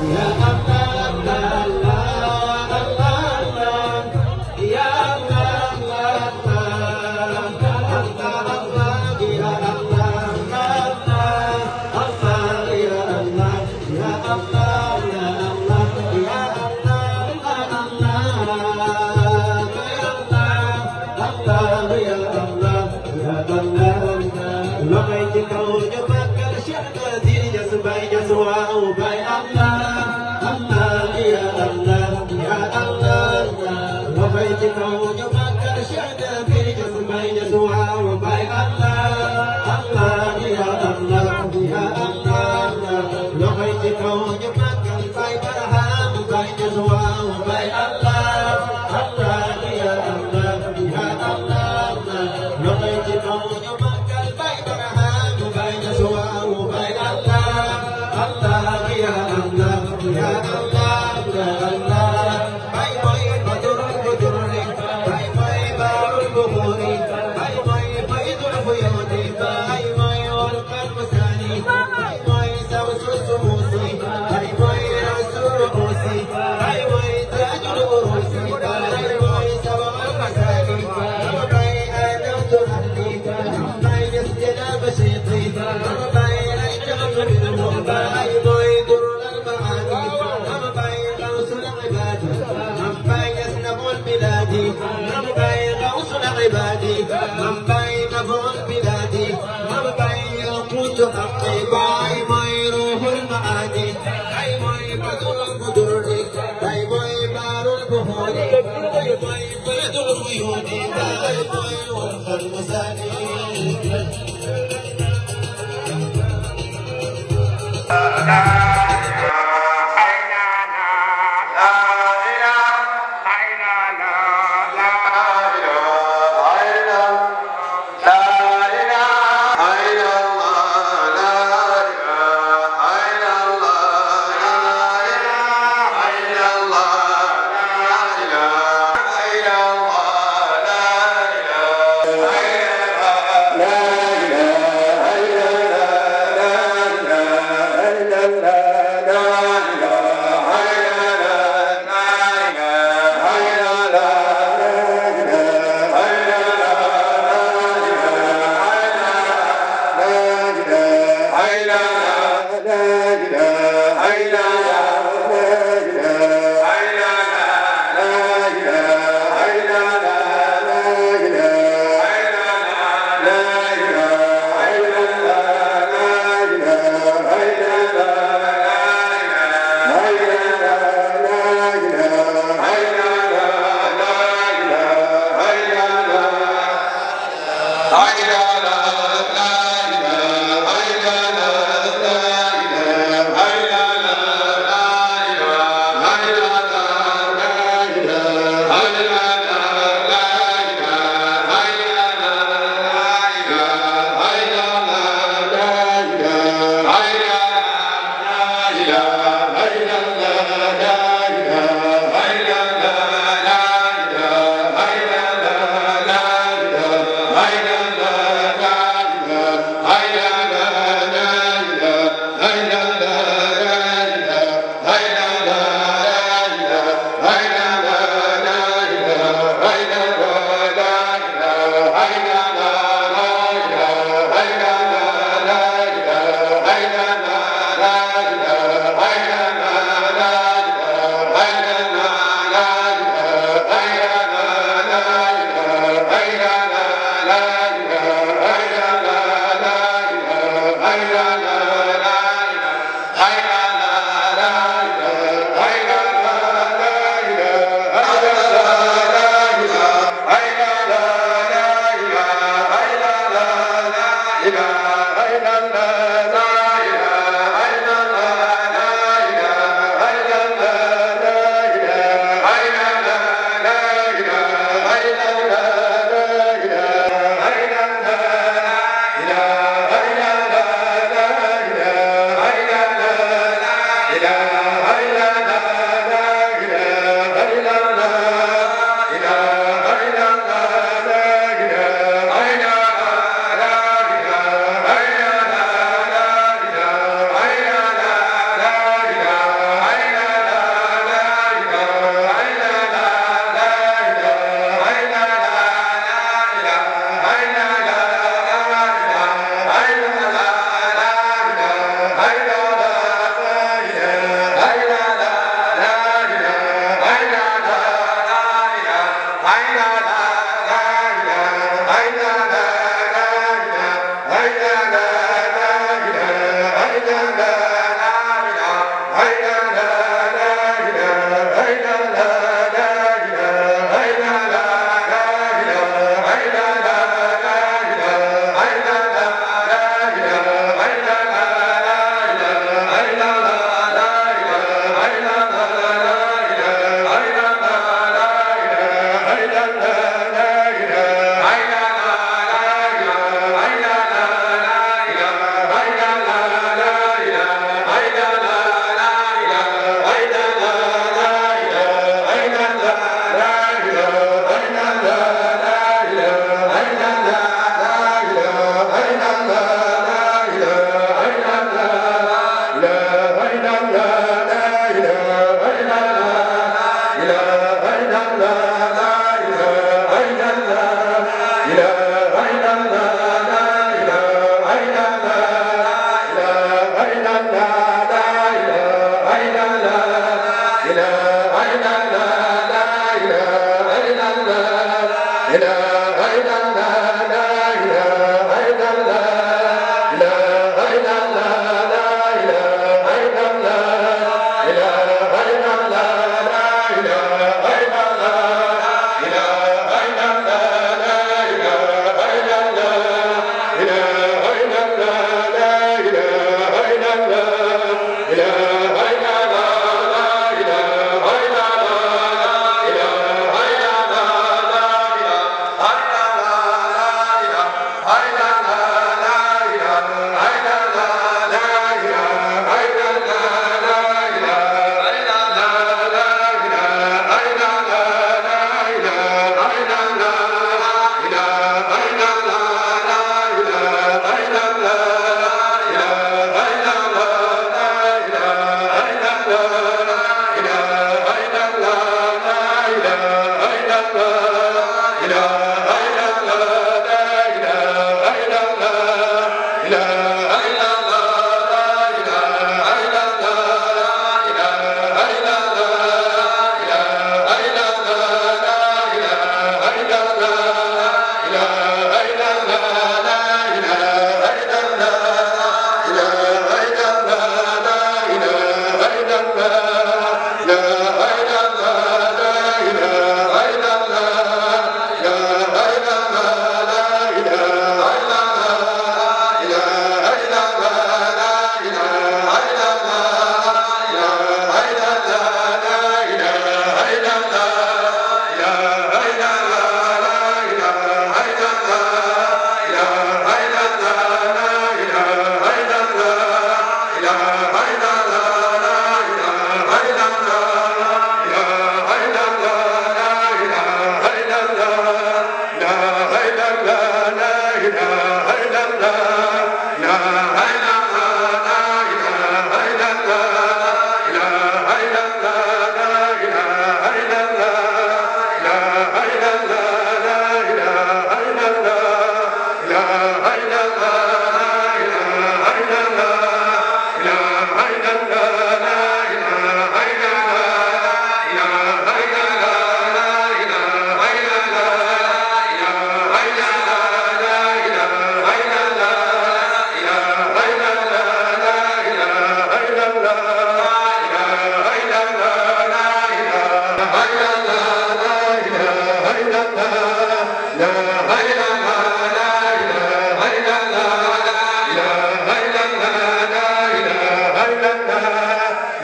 Yeah.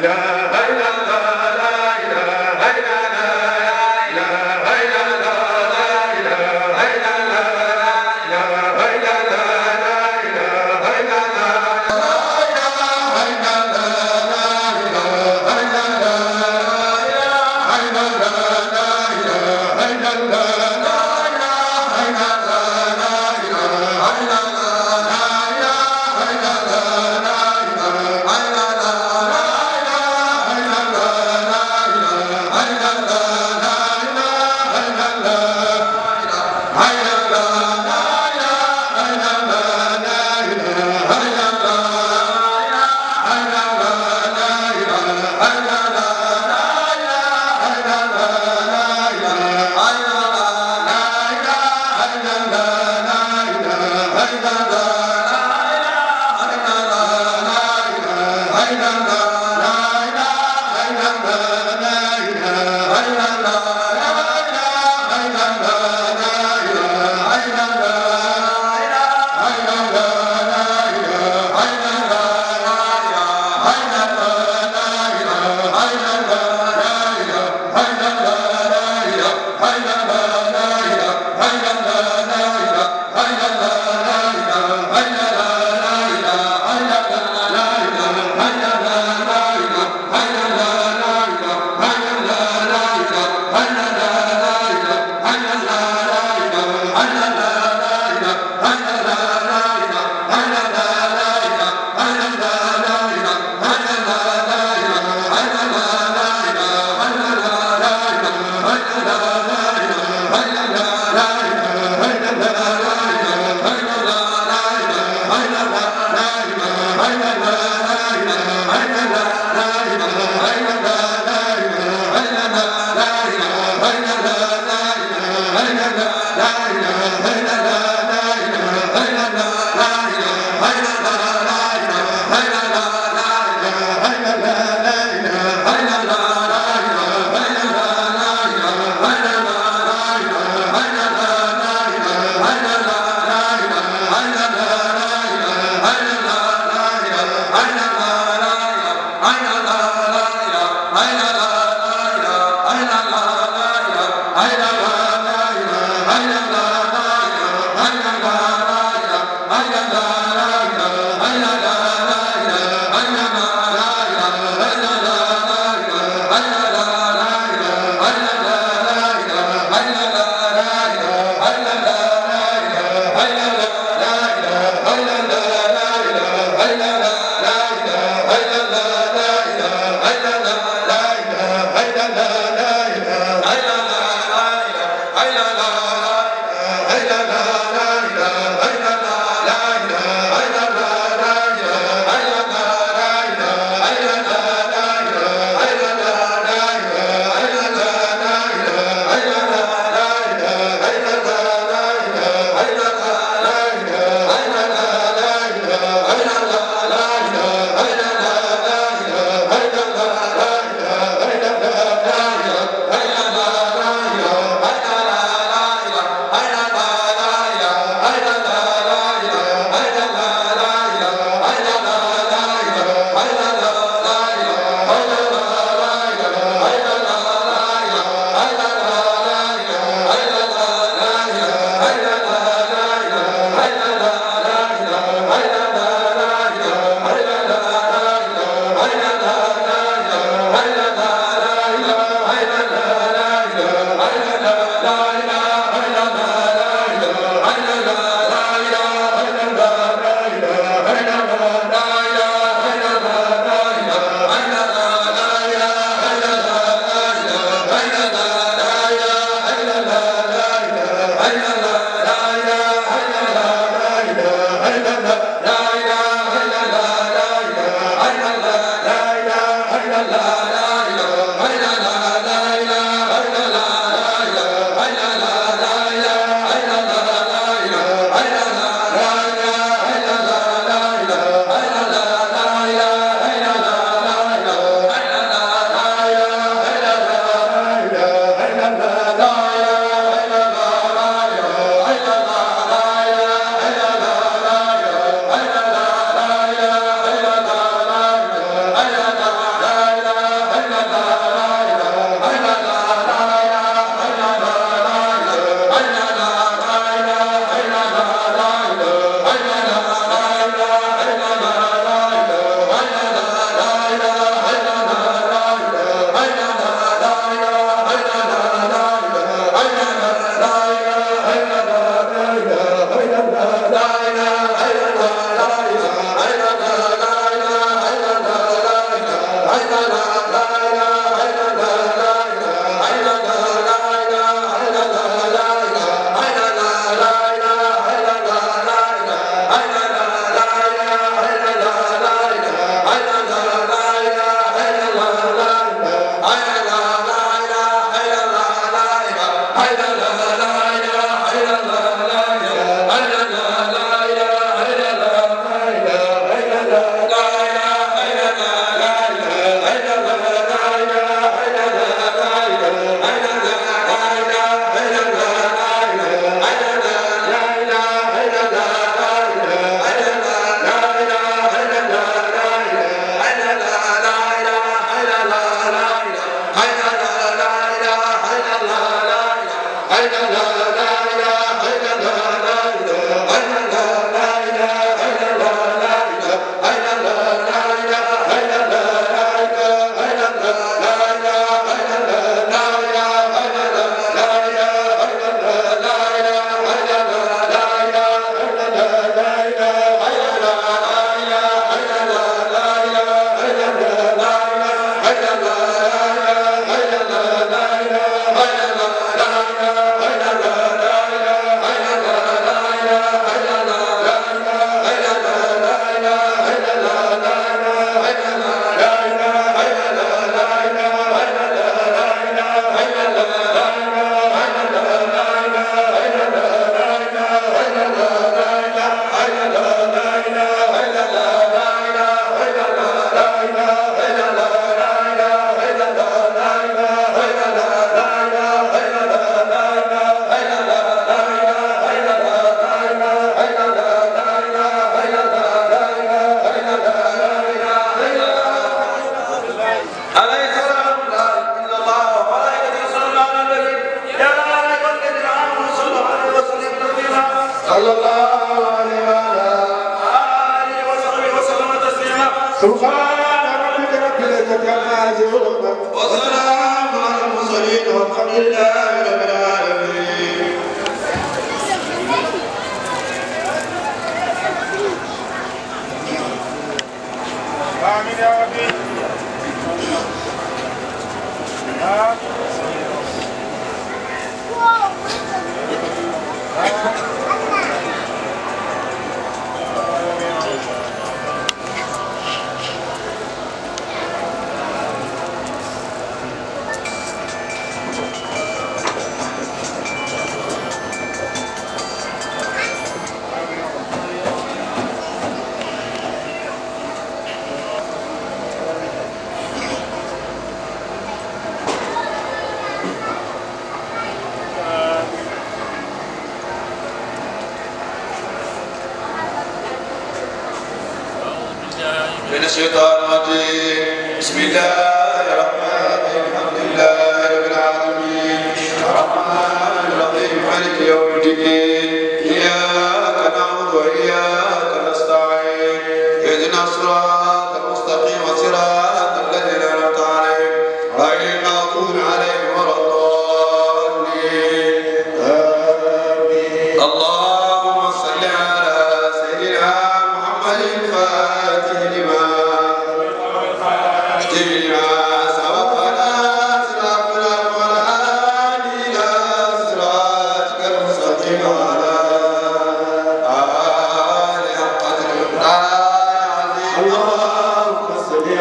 la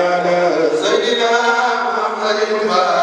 على سيدنا محمد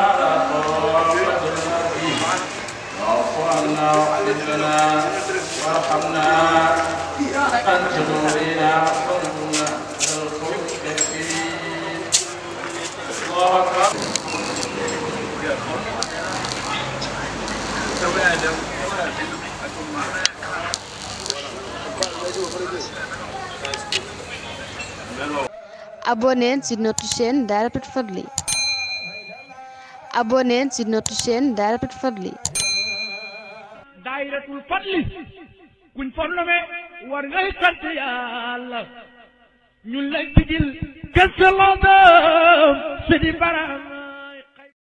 اللهم وحدث لنا وارحمنا أنت مولانا وارحمنا الله أكبر Abonnez sur notre chaîne Dahiratoul Fadly xayratul fadli kuñ fonnome war ngay sant yàlla ñun la digil gëstaloodam si di baram